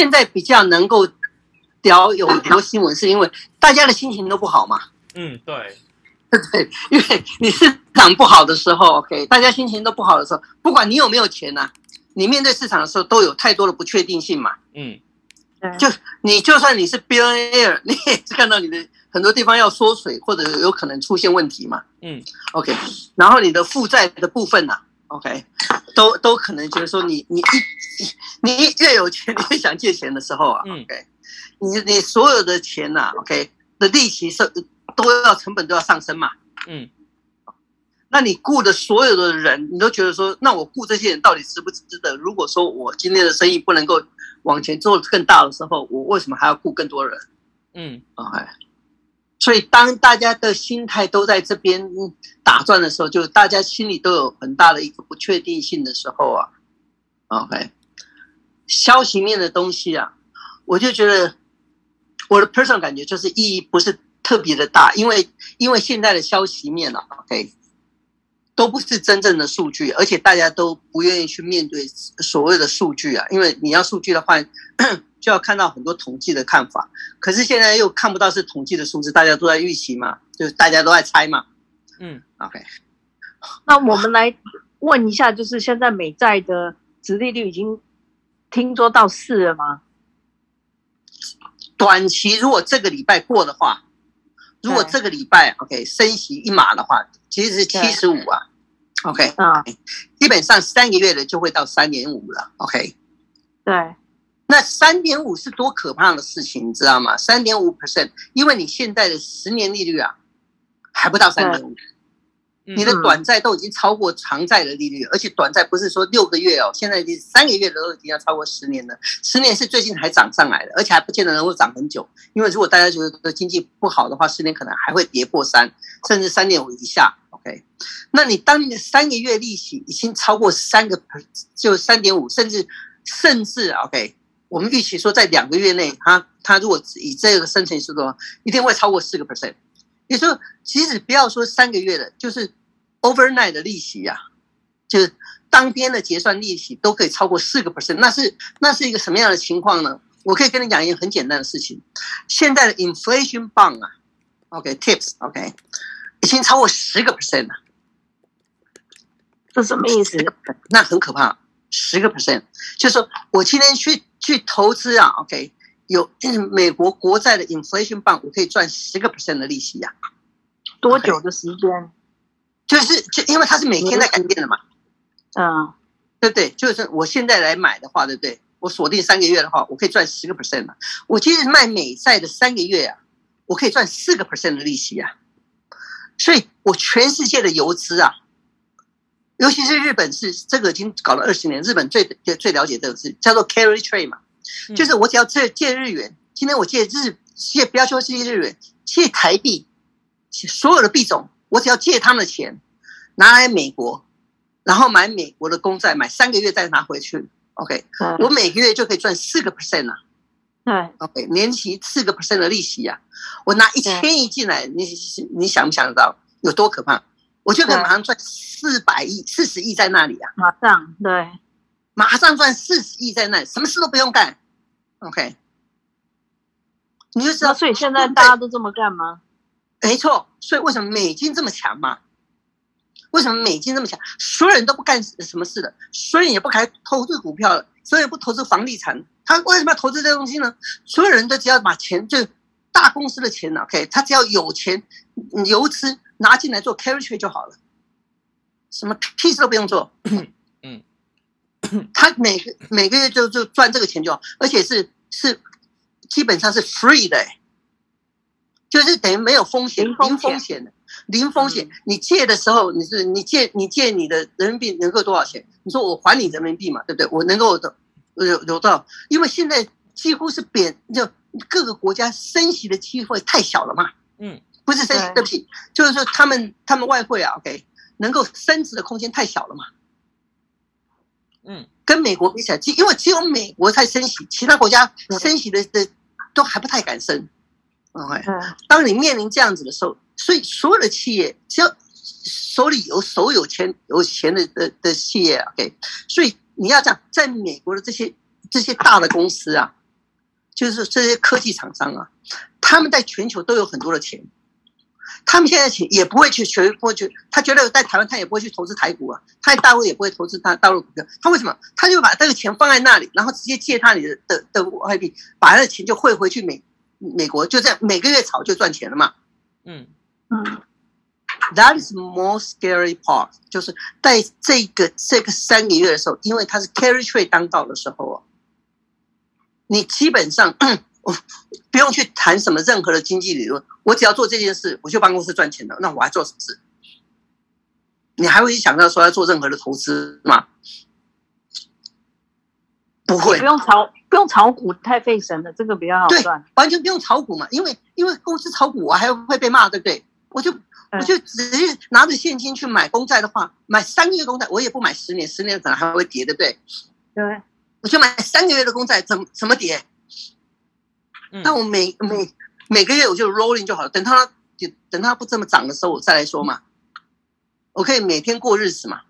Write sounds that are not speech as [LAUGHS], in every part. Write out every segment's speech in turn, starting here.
現在比較能夠聊有多新聞，是因為大家的心情都不好嘛。嗯，對，對， [LAUGHS] 因為你市場不好的時候，OK，大家心情都不好的時候，不管你有沒有錢呢、啊，你面對市場的時候都有太多的不確定性嘛。嗯，就你就算你是 billionaire，、er, 你也是看到你的很多地方要縮水或者有可能出現問題嘛。嗯，OK，然後你的負債的部分呢、啊、，OK。都都可能就是說你，你你一你越有錢，越想借錢的時候啊，嗯，OK，你你所有的錢吶，啊，OK 的利息是都要成本都要上升嘛，嗯，那你僱的所有的人，你都覺得說，那我僱這些人到底值不值得？如果說我今天的生意不能夠往前做更大的時候，我為什麼還要僱更多人？嗯，OK。所以，當大家的心態都在這邊打轉的時候，就是大家心裡都有很大的一個不確定性的時候啊，OK，消息面的東西啊，我就覺得我的 personal 感覺就是意義不是特別的大，因為因為現在的消息面呢啊，OK。都不是真正的數據，而且大家都不願意去面對所謂的數據啊，因為你要數據的話，就要看到很多統計的看法，可是現在又看不到是統計的數字，大家都在預期嘛，就是大家都在猜嘛。嗯，OK，那我們來問一下，就是現在美債的殖利率已經聽說到四了嗎？短期如果這個禮拜過的話，對如果這個禮拜 OK 升息一碼的話，其實是七十五啊。對嗯 OK 啊、嗯，基本上三個月的就會到三點五了。OK，對，那三點五是多可怕的事情，你知道嗎？三點五 percent，因為你現在的十年利率啊，還不到三點五，對你的短債都已經超過長債的利率，嗯、而且短債不是說六個月哦，現在已經三個月的都已經要超過十年了。十年是最近才漲上來的，而且還不見得能夠漲很久。因為如果大家覺得經濟不好的話，十年可能還會跌破三，甚至三點五以下。那你當年的三個月利息已經超過三個，就三點五，甚至甚至 OK，我們預期說在兩個月內、啊，他它如果以這個升息速度，一定會超過四個 percent。你說，其實不要說三個月的，就是 overnight 的利息呀、啊，就是當天的結算利息都可以超過四個 percent，那是那是一個什麼樣的情況呢？我可以跟你講一個很簡單的事情，現在的 inflation bond 啊，OK tips OK。已經超過十個 percent 了個，這什麼意思？那很可怕，十個 percent 就是說我今天去去投資啊，OK，有美國國債的 inflation bond，我可以賺十個 percent 的利息呀、啊。Okay, 多久的時間？就是就因為它是每天在改變的嘛。嗯，對不對，就是我現在來買的話，對不對？我鎖定三個月的話，我可以賺十個 percent 的。我今天賣美債的三個月呀、啊，我可以賺四個 percent 的利息呀、啊。所以我全世界的游資啊，尤其是日本是這個已經搞了二十年，日本最最最了解這個事，叫做 carry trade 嘛，嗯、就是我只要借借日元，今天我借日借不要說借日元，借台幣，所有的幣種我只要借他們的錢，拿來美國，然後買美國的公債，買三個月再拿回去，OK，、嗯、我每個月就可以賺四個 percent 啊。對，OK，年期四個 percent 的利息呀、啊，我拿一千億進來，對你你想不想得到？有多可怕？我就可能馬上賺四百億、四十對億在那裡啊！馬上對，馬上賺四十億在那裡，什麼事都不用幹。OK，你就知道，所以現在大家都這麼幹嗎？沒錯，所以為什麼美金這麼強嘛？為什麼美金這麼強？所有人都不幹什麼事的，所以也不敢投資股票了，所以不投資房地產。他為什麼要投資這東西呢？所有人都只要把錢，就大公司的錢呢？OK，他只要有錢，游資拿進來做 carry trade 就好了，什麼屁事都不用做。嗯、他每、嗯、每個月就就賺這個錢就好，而且是是基本上是 free 的，就是等於沒有風險，零錢、零風險的，零風險。嗯、你借的時候你是你借你借你的人民幣能夠多少錢？你說我還你人民幣嘛，對不對？我能夠的。有有到，因為現在幾乎是貶，就各個國家升息的機會太小了嘛。嗯，不是升息，對不起，對不起，就是說他們、嗯、他們外匯啊，OK，能夠升值的空間太小了嘛。嗯，跟美國比起來，因為只有美國才升息，其他國家升息的的都還不太敢升。OK，、嗯、當你面臨這樣子的時候，所以所有的企業，只要手裡有手有錢有錢的的的企業，OK，所以。你要這樣，在美國的這些這些大的公司啊，就是這些科技廠商啊，他們在全球都有很多的錢，他們現在錢也不會去學，不會去，他覺得在台灣他也不會去投資台股啊，他在大陸也不會投資他大陸股票，他為什麼？他就把這個錢放在那裡，然後直接借他裡的的的外幣，把他的錢就匯回去美美國，就這樣每個月炒就賺錢了嘛，嗯嗯。That is more scary part，就是在這個這個三個月的時候，因為他是 carry trade 當道的時候哦，你基本上不用去談什麼任何的經濟理論，我只要做這件事，我去辦公室賺錢了，那我還做什麼事？你還會去想到說要做任何的投資嗎？不會，不用炒，不用炒股太費神了，這個比較好賺，對，完全不用炒股嘛，因為因為公司炒股我還會被罵，對不對？我就。我就只拿着現金去買公債的話，買三個月公債，我也不買十年，十年可能還會跌的，對不對？對，我就買三個月的公債，怎麼怎麼跌？那我每每每個月我就 rolling 就好了，等它等它不這麼漲的時候我再來說嘛。我可以每天過日子嘛，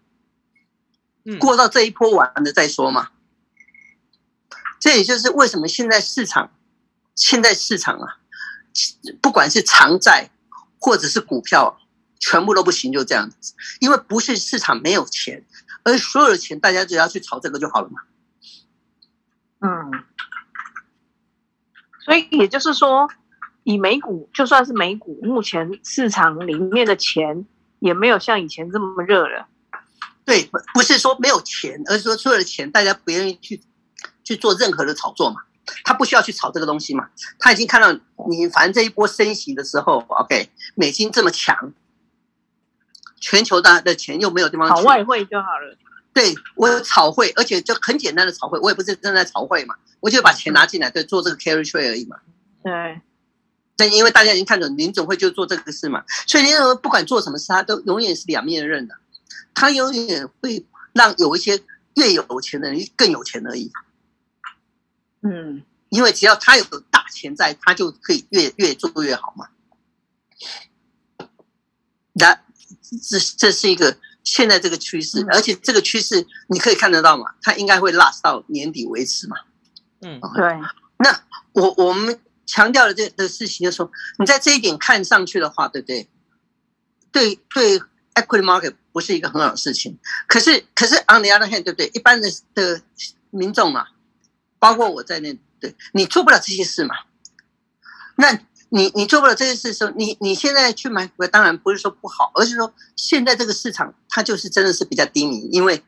過到這一波完了再說嘛。嗯，這也就是為什麼現在市場，現在市場啊，不管是長債。或者是股票，全部都不行，就這樣子。因為不是市場沒有錢，而所有的錢大家只要去炒這個就好了嘛。嗯，所以也就是說，以美股，就算是美股，目前市場裡面的錢也沒有像以前這麼熱了。對，不是說沒有錢，而是說所有的錢大家不願意去去做任何的炒作嘛。他不需要去炒這個東西嘛？他已經看到你，反正這一波升息的時候，OK，美金這麼強，全球的的錢又沒有地方去。炒外匯就好了。對，我有炒匯，而且就很簡單的炒匯。我也不是正在炒匯嘛，我就把錢拿進來，對，做這個 carry trade 而已嘛。對。但因為大家已經看準，林總會就做這個事嘛，所以林總不管做什麼事，他都永遠是兩面刃的，他永遠會讓有一些越有錢的人更有錢而已。嗯，因為只要他有大錢在，他就可以越越做越好嘛。那這這是一個現在這個趨勢，嗯、而且這個趨勢你可以看得到嘛，它應該會 last 到年底為止嘛。嗯，對。那我我們強調的這的事情，就是說你在這一點看上去的話，對不對？對對，equity market 不是一個很好的事情。可是可是，on the other hand，對不對？一般的的民眾嘛。包括我在內，對，你做不了這些事嘛。那你你做不了這些事的時候，你你現在去買股票，當然不是說不好，而是說現在這個市場它就是真的是比較低迷，因為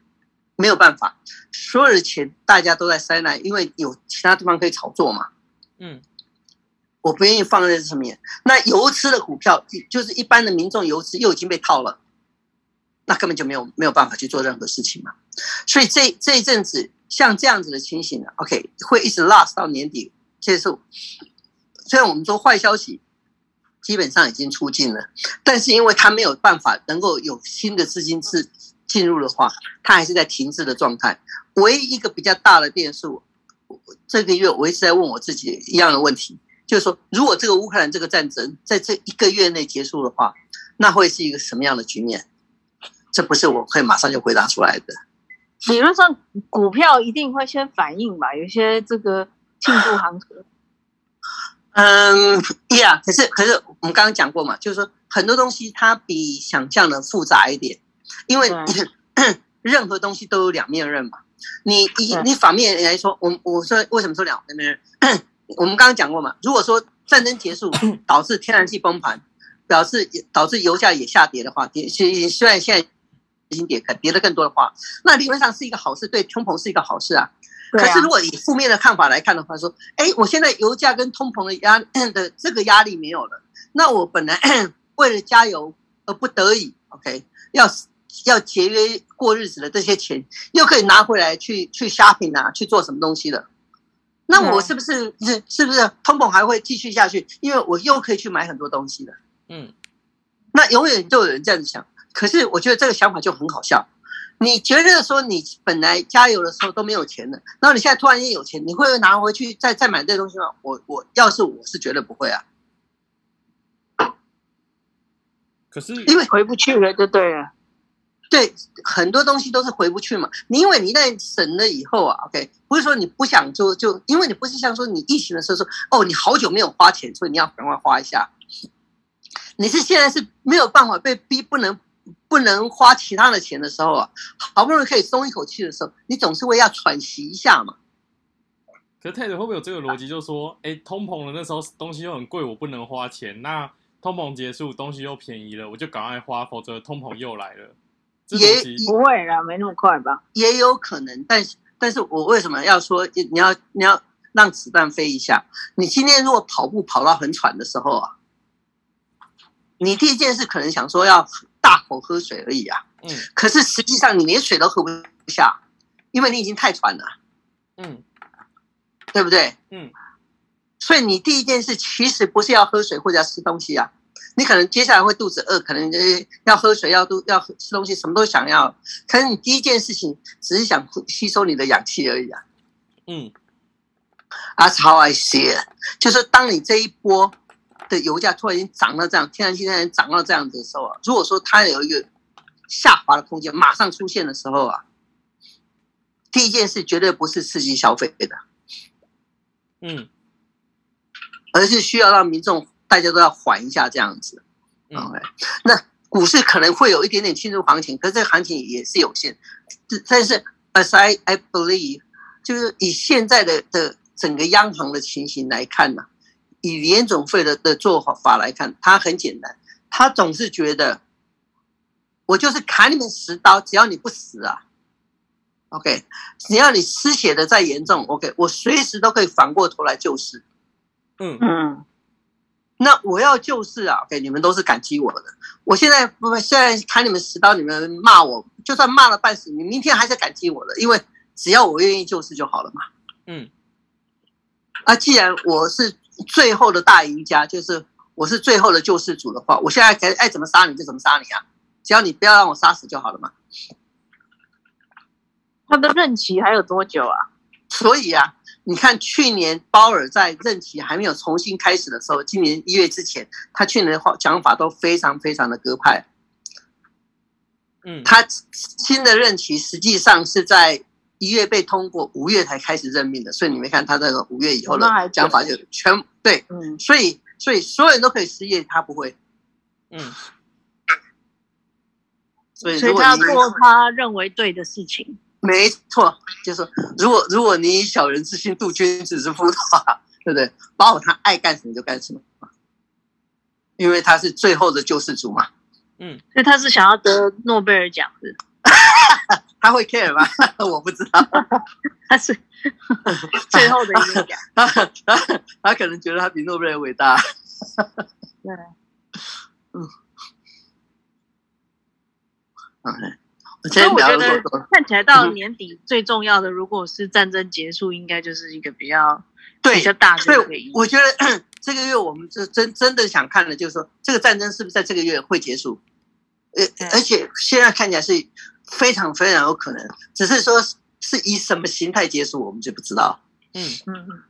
沒有辦法，所有的錢大家都在塞納，因為有其他地方可以炒作嘛。嗯，我不願意放在這上面。那游資的股票，就是一般的民眾游資又已經被套了，那根本就沒有沒有辦法去做任何事情嘛。所以這這一陣子，像這樣子的情形呢，OK，會一直 last 到年底結束。雖然我們說壞消息基本上已經出盡了，但是因為它沒有辦法能夠有新的資金是進入的話，它還是在停滯的狀態。唯一一個比較大的變數，這個月我一直在問我自己一樣的問題，就是說，如果這個烏克蘭這個戰爭在這一個月內結束的話，那會是一個什麼樣的局面？這不是我可以馬上就回答出來的。理論上，股票一定會先反應吧？有些這個慶祝行情，嗯，對啊。可是，可是我們剛剛講過嘛，就是說很多東西它比想象的複雜一點，因為、嗯、任何東西都有兩面刃嘛。你以、嗯、你反面來說，我我說為什麼說兩面刃？我們剛剛講過嘛，如果說戰爭結束導致天然氣崩盤，導致 [COUGHS] 導致油價也下跌的話，也也雖然現在。跌得更多的話，那理論上是一個好事，對通膨是一個好事啊。啊可是如果以負面的看法來看的話，說，哎、欸，我現在油價跟通膨的壓的這個壓力沒有了，那我本來為了加油而不得已，OK，要要節約過日子的這些錢，又可以拿回來去去 shopping 啊，去做什麼東西了？那我是不是、嗯、是、是不是通膨還會繼續下去？因為我又可以去買很多東西了。嗯，那永遠就有人這樣子想。可是我覺得這個想法就很好笑，你覺得說你本來加油的時候都沒有錢了，然後你現在突然間有錢，你會拿回去再再買這些東西嗎？我我要是我是絕對不會啊。可是因為回不去了，就對了。對，很多東西都是回不去嘛。你因為你在省了以後啊，OK，不是說你不想做就就，因為你不是像說你疫情的時候說哦，你好久沒有花錢，所以你要趕快花一下。你是現在是沒有辦法被逼不能。不能花其他的錢的時候啊，好不容易可以鬆一口氣的時候，你總是會要喘息一下嘛。可是泰德會不會有這個邏輯？就是說，哎、啊欸，通膨的那時候東西又很貴，我不能花錢。那通膨結束，東西又便宜了，我就趕快花，否則通膨又來了。也不會啦，沒那麼快吧？也有可能，但是但是我為什麼要說你要你要讓子彈飛一下？你今天如果跑步跑到很喘的時候啊，你第一件事可能想說要。大口喝水而已啊。嗯，可是實際上你連水都喝不下，因為你已經太喘了，嗯，對不對？嗯，所以你第一件事其實不是要喝水或者要吃東西啊，你可能接下來會肚子餓，可能就是要喝水、要都要吃東西，什麼都想要，可是你第一件事情只是想吸收你的氧氣而已啊，嗯，啊，That's how I see it，就是當你這一波。的油價突然間漲到這樣，天然氣現在漲到這樣子的時候啊，如果說它有一個下滑的空間，馬上出現的時候啊，第一件事絕對不是刺激消費的，嗯，而是需要讓民眾大家都要緩一下這樣子，嗯嗯。那股市可能會有一點點慶祝行情，可是這個行情也是有限。但是，as I I believe，就是以現在的的整個央行的情形來看呢，啊。以聯準會的的做法來看，他很簡單，他總是覺得我就是砍你們十刀，只要你不死啊，OK，只要你失血的再嚴重，OK，我隨時都可以反過頭來救市。嗯嗯，那我要救市啊，OK，你們都是感激我的。我現在不現在砍你們十刀，你們罵我，就算罵了半死，你明天還是感激我的，因為只要我願意救市就好了嘛。嗯，啊，既然我是。最後的大贏家就是我，是最後的救世主的話，我現在該愛、哎、怎麼殺你就怎麼殺你啊！只要你不要讓我殺死就好了嘛。他的任期還有多久啊？所以啊，你看去年鮑爾在任期還沒有重新開始的時候，今年一月之前，他去年的話講法都非常非常的鴿派。嗯，他新的任期實際上是在。一月被通過，五月才開始任命的，所以你沒看他那個五月以後的講法就全、嗯、對，所以所以所有人都可以失業，他不會，嗯，所以所以他要做他認為對的事情，沒錯，就是說如果如果你以小人之心度君子之腹的話，對不對？包括他愛幹什麼就幹什麼，因為他是最後的救世主嘛，嗯，所以他是想要得諾貝爾獎的。他會 care 嗎？ [LAUGHS] 我不知道。 [LAUGHS] 他是最後的一點， [LAUGHS] 他可能覺得他比諾貝爾偉大。對，嗯，OK。所以我覺得看起來到年底 [LAUGHS] 最重要的，如果是戰爭結束，應該就是一個比較對比較大的。我覺得這個月我們是真真的想看的，就是說這個戰爭是不是在這個月會結束？而、呃、對而且現在看起來是。非常非常有可能，只是說是以什麼形態結束，我們就不知道。嗯嗯嗯。